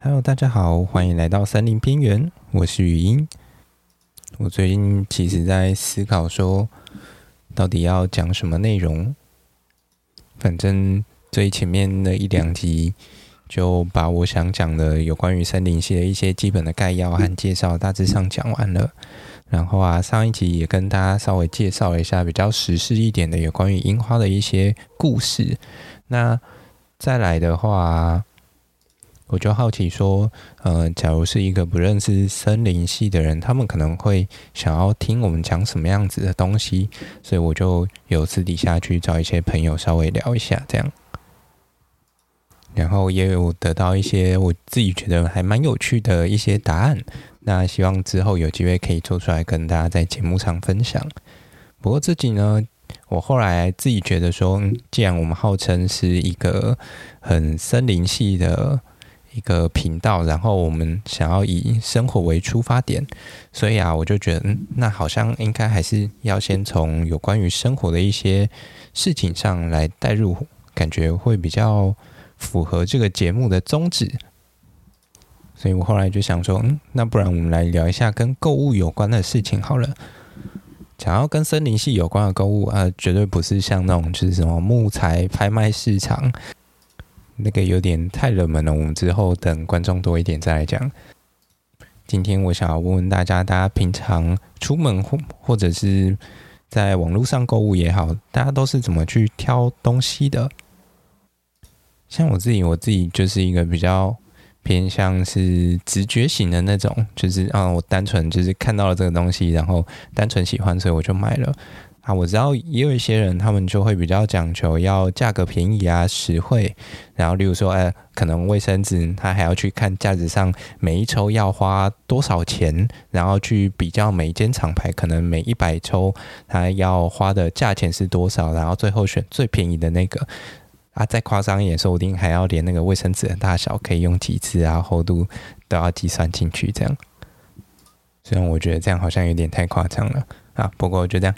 哈嘍，大家好，歡迎來到森林邊緣。我是語音。我最近其實在思考說，到底要講什麼內容。反正最前面的一兩集就把我想講的有關於森林系的一些基本的概要和介紹大致上講完了。然後啊，上一集也跟大家稍微介紹了一下比較時事一點的有關於櫻花的一些故事。那再來的話、啊。我就好奇說，呃，假如是一個不認識森林系的人，他們可能會想要聽我們講什麼樣子的東西，所以我就有私底下去找一些朋友稍微聊一下，這樣。然後，也有我得到一些我自己覺得還蠻有趣的一些答案，那希望之後有機會可以做出來跟大家在節目上分享。不過自己呢，我後來自己覺得說，嗯，既然我們號稱是一個很森林系的一個頻道，然後我們想要以生活為出發點，所以啊，我就覺得，嗯，那好像應該還是要先從有關於生活的一些事情上來帶入，感覺會比較符合這個節目的宗旨。所以我後來就想說，嗯，那不然我們來聊一下跟購物有關的事情好了。想要跟森林系有關的購物啊，呃，絕對不是像那種就是什麼木材拍賣市場。那個有點太冷門了，我們之後等觀眾多一點再來講。今天我想要問問大家，大家平常出門或或者是在網絡上購物也好，大家都是怎麼去挑東西的？像我自己，我自己就是一個比較偏向是直覺型的那種，就是啊，我單純就是看到了這個東西，然後單純喜歡，所以我就買了。啊，我知道，也有一些人，他們就會比較講求要價格便宜啊，實惠。然後，例如說，哎、欸，可能衛生紙，他還要去看架子上每一抽要花多少錢，然後去比較每一間廠牌可能每一百抽他要花的價錢是多少，然後最後選最便宜的那個。啊，再誇張一點說，說不定還要連那個衛生紙的大小可以用幾次啊，厚度都要計算進去，這樣。雖然我覺得這樣好像有點太誇張了。啊，不過就這樣。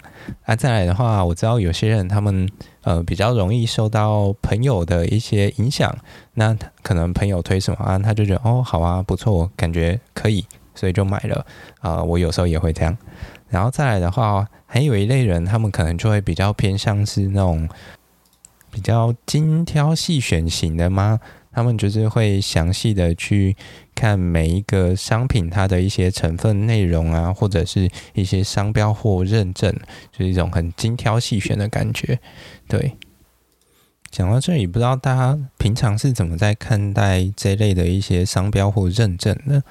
那、啊、再來的話，我知道有些人他們呃比較容易受到朋友的一些影響，那可能朋友推什麼啊，他就覺得哦好啊，不錯，感覺可以，所以就買了。啊、呃，我有時候也會這樣。然後再來的話，還有一類人，他們可能就會比較偏向是那種比較精挑細選型的嗎？他們就是會詳細的去看每一個商品它的一些成分內容啊，或者是一些商標或認證，就是一種很精挑細選的感覺。對，講到這裡，不知道大家平常是怎麼在看待這類的一些商標或認證呢？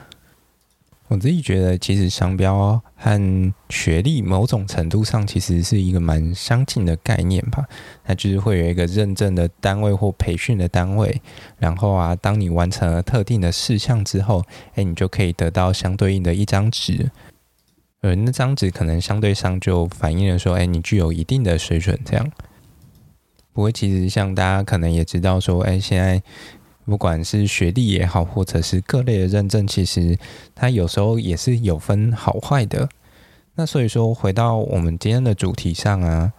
我自己覺得，其實商標。和學歷某種程度上其實是一個蠻相近的概念吧，那就是會有一個認證的單位或培訓的單位，然後啊，當你完成了特定的事項之後，誒、欸，你就可以得到相對應的一張紙，而那張紙可能相對上就反映了說，誒、欸，你具有一定的水準這樣。不過其實像大家可能也知道說，哎、欸，現在。不管是學歷也好，或者是各類的認證，其實它有時候也是有分好壞的。那所以說，回到我們今天的主題上啊，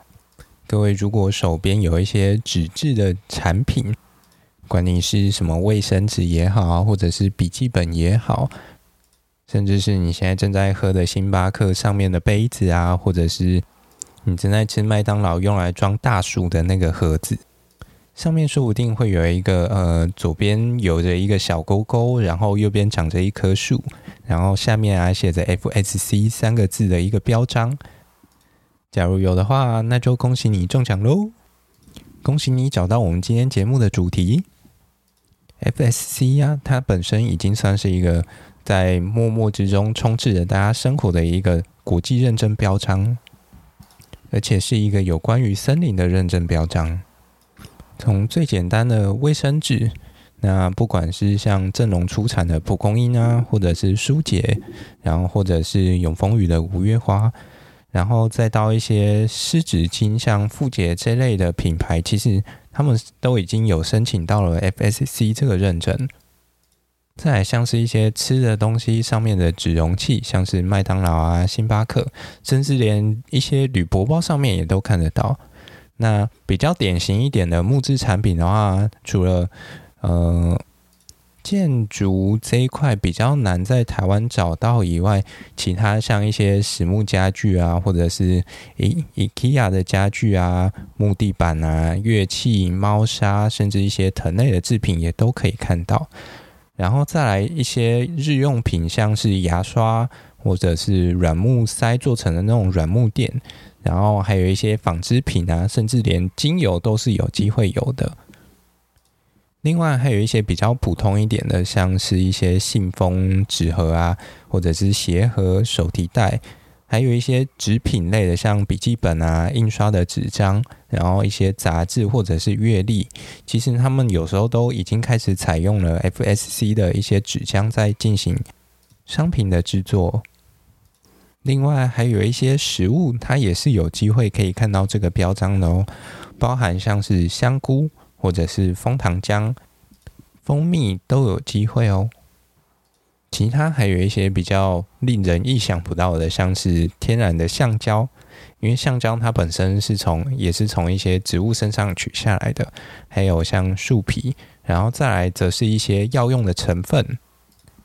各位如果手邊有一些紙質的產品，管你是什麼衛生紙也好啊，或者是筆記本也好，甚至是你現在正在喝的星巴克上面的杯子啊，或者是你正在吃麥當勞用來裝大薯的那個盒子。上面說不定會有一個呃，左邊有着一個小勾勾，然後右邊長着一棵樹，然後下面啊寫着 FSC 三個字的一個標章。假如有的話，那就恭喜你中獎嘍！恭喜你找到我們今天節目的主題 FSC 呀、啊，它本身已經算是一個在默默之中充斥着大家生活的一個國際認證標章，而且是一個有關於森林的認證標章。從最簡單的衛生紙，那不管是像正隆出產的蒲公英啊，或者是舒潔，然後或者是永豐餘的五月花，然後再到一些濕紙巾，像富潔這類的品牌，其實他們都已經有申請到了 FSC 這個認證。再來像是一些吃的東西上面的紙容器，像是麥當勞啊、星巴克，甚至連一些鋁箔包上面也都看得到。那比較典型一點的木質產品的話，除了呃建築這一塊比較難在台灣找到以外，其他像一些實木家具啊，或者是 I, IKEA 的家具啊、木地板啊、樂器、貓砂，甚至一些藤類的製品也都可以看到。然後再來一些日用品，像是牙刷，或者是軟木塞做成的那種軟木墊。然後還有一些紡織品啊，甚至連精油都是有機會有的。另外，還有一些比較普通一點的，像是一些信封、紙盒啊，或者是鞋盒、手提袋，還有一些紙品類的，像筆記本啊、印刷的紙張，然後一些雜誌或者是月曆。其實他們有時候都已經開始採用了 FSC 的一些紙漿在進行商品的制作。另外還有一些食物，它也是有機會可以看到這個標章的哦，包含像是香菇或者是楓糖漿、蜂蜜都有機會哦。其他還有一些比較令人意想不到的，像是天然的橡膠，因為橡膠它本身是從也是從一些植物身上取下來的，還有像樹皮，然後再來則是一些藥用的成分。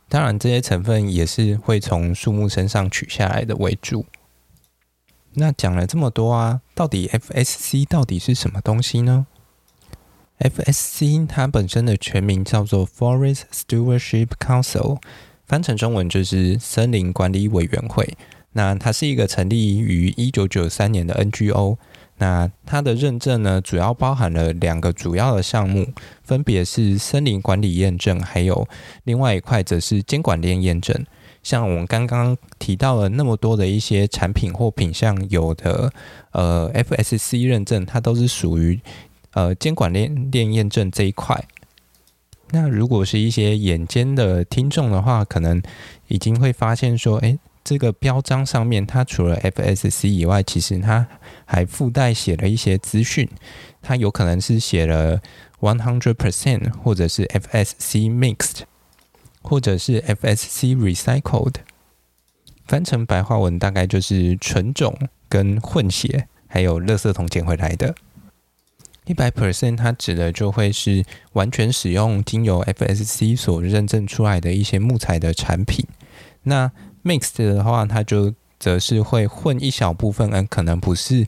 當然，這些成分也是會從樹木身上取下來的為主。那講了這麼多啊，到底 FSC 到底是什麼東西呢？FSC 它本身的全名叫做 Forest Stewardship Council，翻成中文就是森林管理委員會。那它是一個成立於一九九三年的 NGO。那它的認證呢，主要包含了兩個主要的項目，分別是森林管理驗證，還有另外一塊則是監管鏈驗證。像我們剛剛提到了那麼多的一些產品或品項，有的呃 FSC 認證，它都是屬於呃監管鏈鏈驗證這一塊。那如果是一些眼尖的聽眾的話，可能已經會發現說，誒、欸。這個標章上面，它除了 FSC 以外，其實它還附帶寫了一些資訊。它有可能是寫了 one hundred percent，或者是 FSC mixed，或者是 FSC recycled。翻成白話文，大概就是純種、跟混血，還有垃圾桶撿回來的。一百 percent，它指的就會是完全使用經由 FSC 所認證出來的一些木材的產品。那 Mixed 的話，它就則是會混一小部分，嗯，可能不是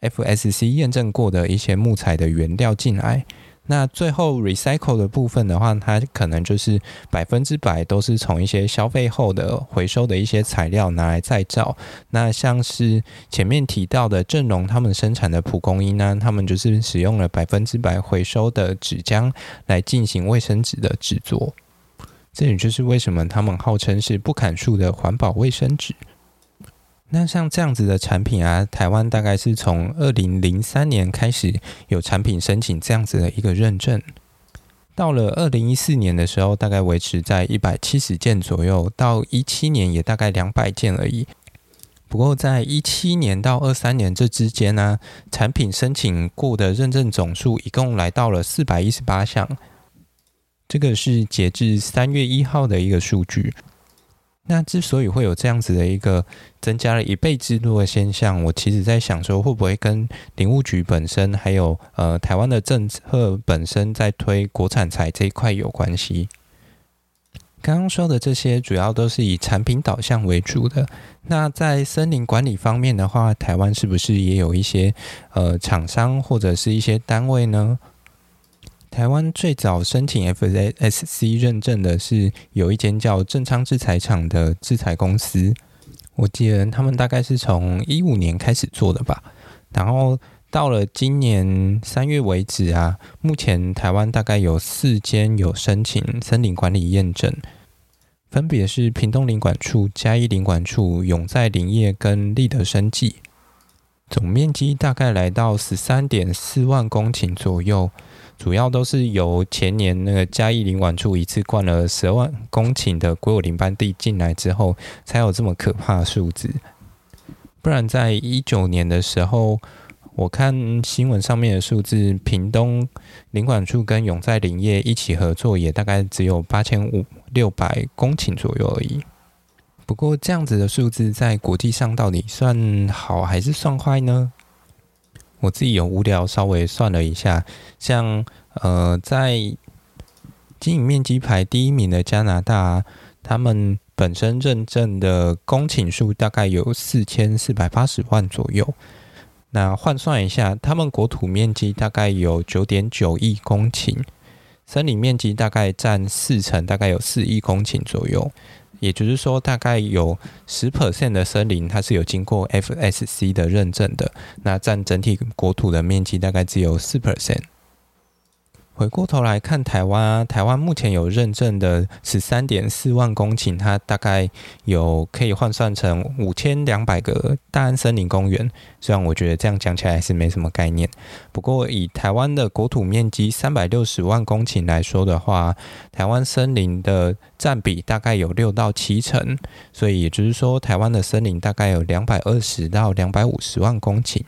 FSC 驗證過的一些木材的原料進來。那最後 Recycle 的部分的話，它可能就是百分之百都是從一些消費後的回收的一些材料拿來再造。那像是前面提到的正容，他們生產的蒲公英呢、啊，他們就是使用了百分之百回收的紙漿來進行衛生紙的製作。這也就是為什麼他們號稱是不砍樹的環保衛生紙。那像這樣子的產品啊，台灣大概是從二零零三年開始有產品申請這樣子的一個認證，到了二零一四年的時候，大概維持在一百七十件左右；到一七年也大概兩百件而已。不過在一七年到二三年這之間呢、啊，產品申請過的認證總數一共來到了四百一十八項。這個是截至三月一號的一個數據。那之所以會有這樣子的一個增加了一倍之多的現象，我其實在想說，會不會跟林務局本身，還有呃台灣的政策本身在推國產材這一塊有關係？剛剛說的這些，主要都是以產品導向為主的。那在森林管理方面的話，台灣是不是也有一些呃廠商或者是一些單位呢？台灣最早申請 FSC 認證的是有一間叫正昌製材廠的製材公司，我記得他們大概是從一五年開始做的吧。然後到了今年三月為止啊，目前台灣大概有四間有申請森林管理驗證，分別是屏東林管處、嘉義林管處、永在林業跟立德生技，總面積大概來到十三點四萬公頃左右。主要都是由前年那個嘉義林管處一次灌了十萬公頃的國有林班地進來之後，才有這麼可怕的數字。不然在一九年的時候，我看新聞上面的數字，屏東林管處跟永在林業一起合作，也大概只有八千五六百公頃左右而已。不過這樣子的數字在國際上到底算好還是算壞呢？我自己有無聊稍微算了一下，像呃，在經營面積排第一名的加拿大，他們本身認證的公頃數大概有四千四百八十萬左右。那換算一下，他們國土面積大概有九點九億公頃，森林面積大概佔四成，大概有四億公頃左右。也就是說，大概有十 percent 的森林，它是有經過 FSC 的認證的。那占整體國土的面積，大概只有四 percent。回過頭來看台灣，台灣目前有認證的十三點四萬公頃，它大概有可以換算成五千兩百個大安森林公園。雖然我覺得這樣講起來是沒什麼概念，不過以台灣的國土面積三百六十萬公頃來說的話，台灣森林的占比大概有六到七成，所以也就是說，台灣的森林大概有兩百二十到兩百五十萬公頃。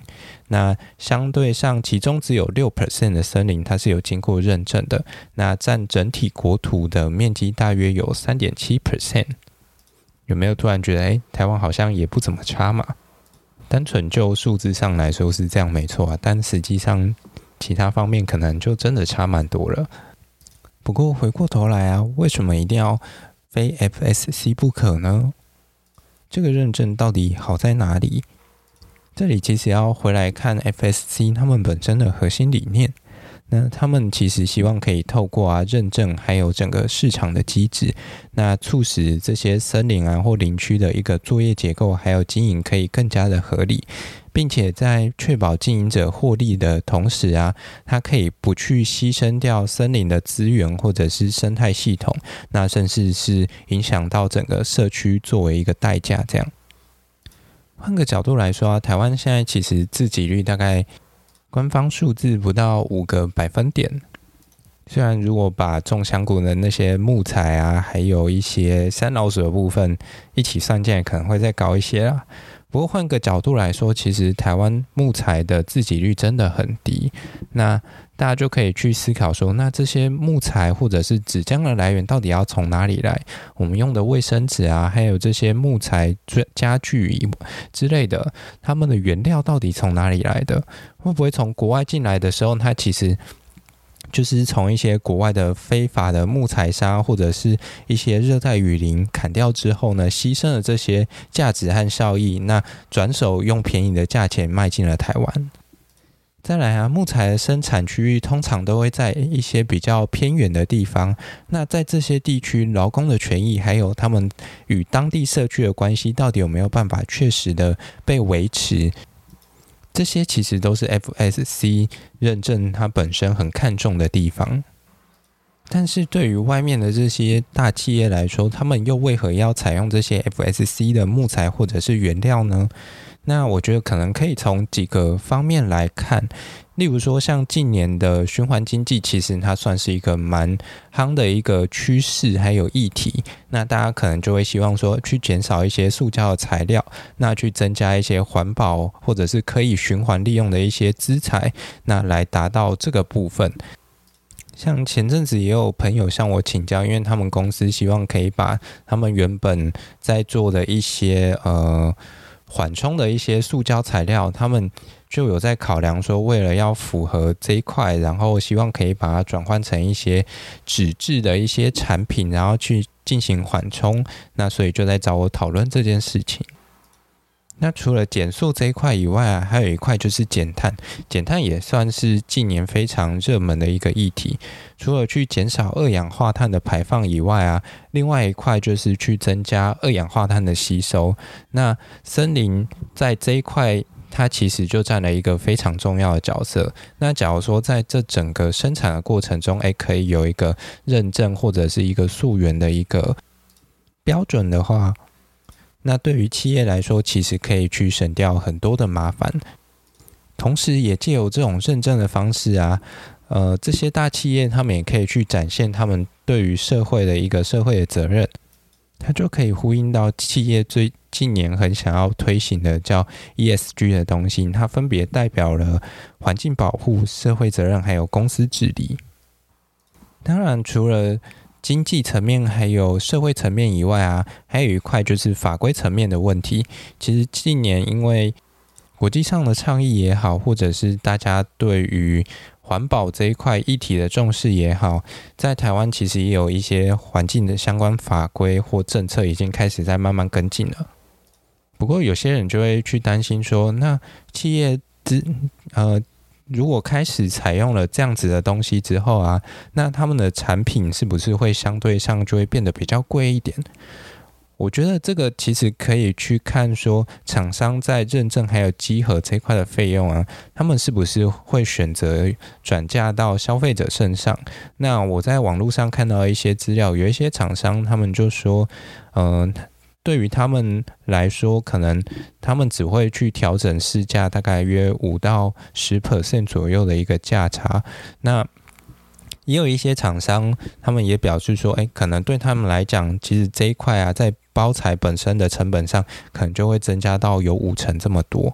那相對上，其中只有六 percent 的森林，它是有經過認證的，那佔整體國土的面積大約有三點七 percent。有沒有突然覺得，哎，台灣好像也不怎麼差嘛？單純就數字上來說是這樣沒錯啊，但實際上其他方面可能就真的差蠻多了。不過回過頭來啊，為什麼一定要非 FSC 不可呢？這個認證到底好在哪裡？這裡其實要回來看 FSC 他們本身的核心理念，那他們其實希望可以透過啊認證，還有整個市場的機制，那促使這些森林啊或林區的一個作業結構還有經營可以更加的合理，並且在確保經營者獲利的同時啊，他可以不去犧牲掉森林的資源或者是生態系統，那甚至是影響到整個社區作為一個代價這樣。換個角度來說啊，台灣現在其實自給率大概官方數字不到五個百分點。雖然如果把種香菇的那些木材啊，還有一些山老鼠的部分一起算進來，可能會再高一些啦。不過換個角度來說，其實台灣木材的自給率真的很低。那大家就可以去思考說，那這些木材或者是紙漿的來源到底要從哪裡來？我們用的衛生紙啊，還有這些木材、家具之類的，他們的原料到底從哪裡來的？會不會從國外進來的時候，它其實就是從一些國外的非法的木材商，或者是一些熱帶雨林砍掉之後呢，犧牲了這些價值和效益，那轉手用便宜的價錢賣進了台灣？再來啊，木材的生產區域通常都會在一些比較偏遠的地方。那在這些地區，勞工的權益還有他們與當地社區的關係，到底有沒有辦法確實的被維持？這些其實都是 FSC 認證它本身很看重的地方。但是對於外面的這些大企業來說，他們又為何要採用這些 FSC 的木材或者是原料呢？那我覺得可能可以從幾個方面來看，例如說像近年的循環經濟，其實它算是一個蠻夯的一個趨勢，還有議題。那大家可能就會希望說，去減少一些塑膠的材料，那去增加一些環保或者是可以循環利用的一些資材，那來達到這個部分。像前陣子也有朋友向我請教，因為他們公司希望可以把他們原本在做的一些呃、緩衝的一些塑膠材料，他們就有在考量說，為了要符合這一塊，然後希望可以把它轉換成一些紙質的一些產品，然後去進行緩衝。那所以就在找我討論這件事情。那除了減塑這一塊以外啊，還有一塊就是減碳。減碳也算是近年非常熱門的一個議題。除了去減少二氧化碳的排放以外啊，另外一塊就是去增加二氧化碳的吸收。那森林在這一塊，它其實就佔了一個非常重要的角色。那假如說在這整個生產的過程中，哎、欸，可以有一個認證或者是一個溯源的一個標準的話。那對於企業來說，其實可以去省掉很多的麻煩，同時也借由這種認證的方式啊，呃，這些大企業他們也可以去展現他們對於社會的一個社會的責任，它就可以呼應到企業最近年很想要推行的叫 ESG 的東西，它分別代表了環境保護、社會責任還有公司治理。當然，除了經濟層面，還有社會層面以外啊，還有一塊就是法規層面的問題。其實近年因為國際上的倡議也好，或者是大家對於環保這一塊議題的重視也好，在台灣其實也有一些環境的相關法規或政策已經開始在慢慢跟進了。不過有些人就會去擔心說，那企業之呃。如果開始採用了這樣子的東西之後啊，那他們的產品是不是會相對上就會變得比較貴一點？我覺得這個其實可以去看說，廠商在認證還有集合這塊的費用啊，他們是不是會選擇轉嫁到消費者身上？那我在網絡上看到一些資料，有一些廠商他們就說，嗯、呃。對於他們來說，可能他們只會去調整市價，大概約五到十 percent 左右的一個價差。那也有一些廠商，他們也表示說，誒，可能對他們來講，其實這一塊啊，在包材本身的成本上，可能就會增加到有五成這麼多。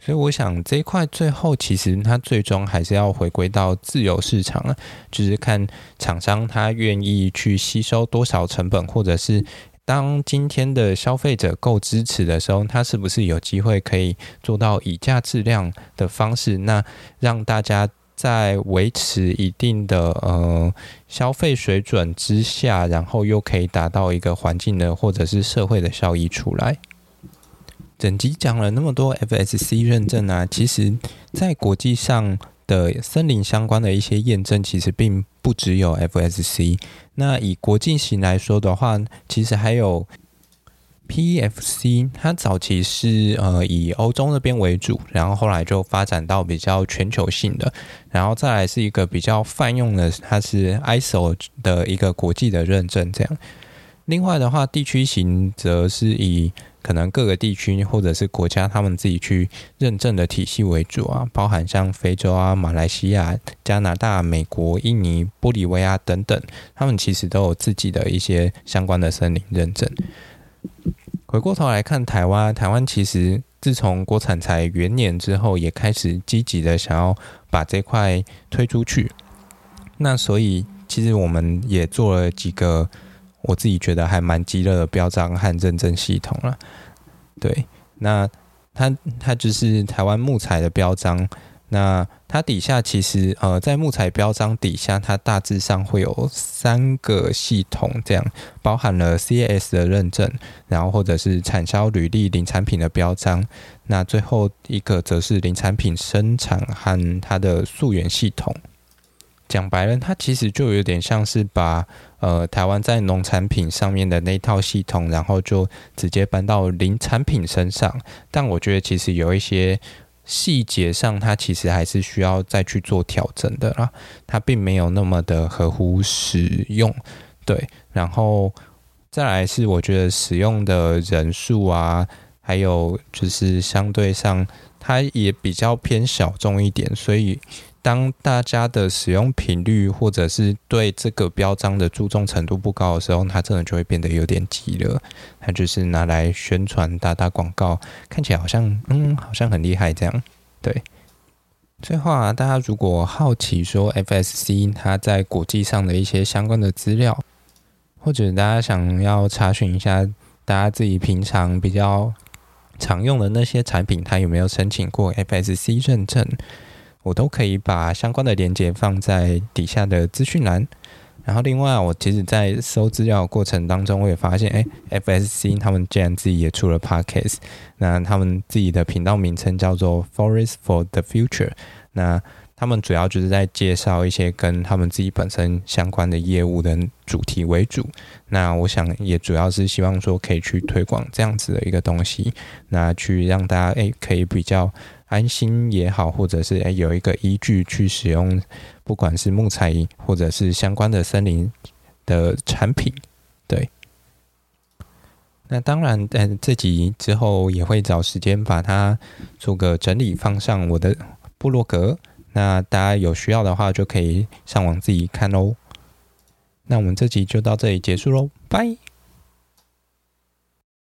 所以，我想這一塊最後其實它最終還是要回歸到自由市場啊，就是看廠商他願意去吸收多少成本，或者是。當今天的消費者夠支持的時候，他是不是有機會可以做到以價質量的方式？那讓大家在維持一定的呃消費水準之下，然後又可以達到一個環境的或者是社會的效益出來。整集講了那麼多 FSC 認證啊，其實在國際上。的森林相關的一些驗證，其實並不只有 FSC。那以國際型來說的話，其實還有 PEFC，它早期是呃以歐洲那邊為主，然後後來就發展到比較全球性的，然後再來是一個比較泛用的，它是 ISO 的一個國際的認證這樣。另外的話，地區型則是以。可能各個地區或者是國家，他們自己去認證的體系為主啊，包含像非洲啊、馬來西亞、加拿大、美國、印尼、玻利維亞等等，他們其實都有自己的一些相關的森林認證。回過頭來看台灣，台灣其實自從國產材元年之後，也開始積極的想要把這塊推出去。那所以，其實我們也做了幾個。我自己覺得還蠻雞肋的標章和認證系統了。對，那它它就是台灣木材的標章。那它底下其實呃，在木材標章底下，它大致上會有三個系統，這樣包含了 CAS 的認證，然後或者是產銷履歷林產品的標章，那最後一個則是林產品生產和它的溯源系統。講白了，它其實就有點像是把。呃，台灣在農產品上面的那套系統，然後就直接搬到林產品身上。但我覺得其實有一些細節上，它其實還是需要再去做調整的啦。它並沒有那麼的合乎使用，對。然後再來是，我覺得使用的人數啊，還有就是相對上，它也比較偏小眾一點，所以。當大家的使用頻率或者是對這個標章的注重程度不高的時候，他真的就會變得有點急了。他就是拿來宣傳、打打廣告，看起來好像嗯，好像很厲害這樣。對，最後啊，大家如果好奇說 FSC 它在國際上的一些相關的資料，或者大家想要查詢一下，大家自己平常比較常用的那些產品，它有沒有申請過 FSC 認證？我都可以把相關的連結放在底下的資訊欄。然後，另外，我其實，在搜資料的過程當中，我也發現，哎、欸、，FSC 他們竟然自己也出了 Podcast。那他們自己的頻道名稱叫做 Forest for the Future。那他們主要就是在介紹一些跟他們自己本身相關的業務的主題為主。那我想，也主要是希望說，可以去推廣這樣子的一個東西，那去讓大家誒、欸、可以比較。安心也好，或者是誒有一個依據去使用，不管是木材或者是相關的森林的產品，對。那當然，嗯、呃，這集之後也會找時間把它做個整理，放上我的部落格。那大家有需要的話，就可以上網自己看哦。那我們這集就到這裡結束嘍，拜。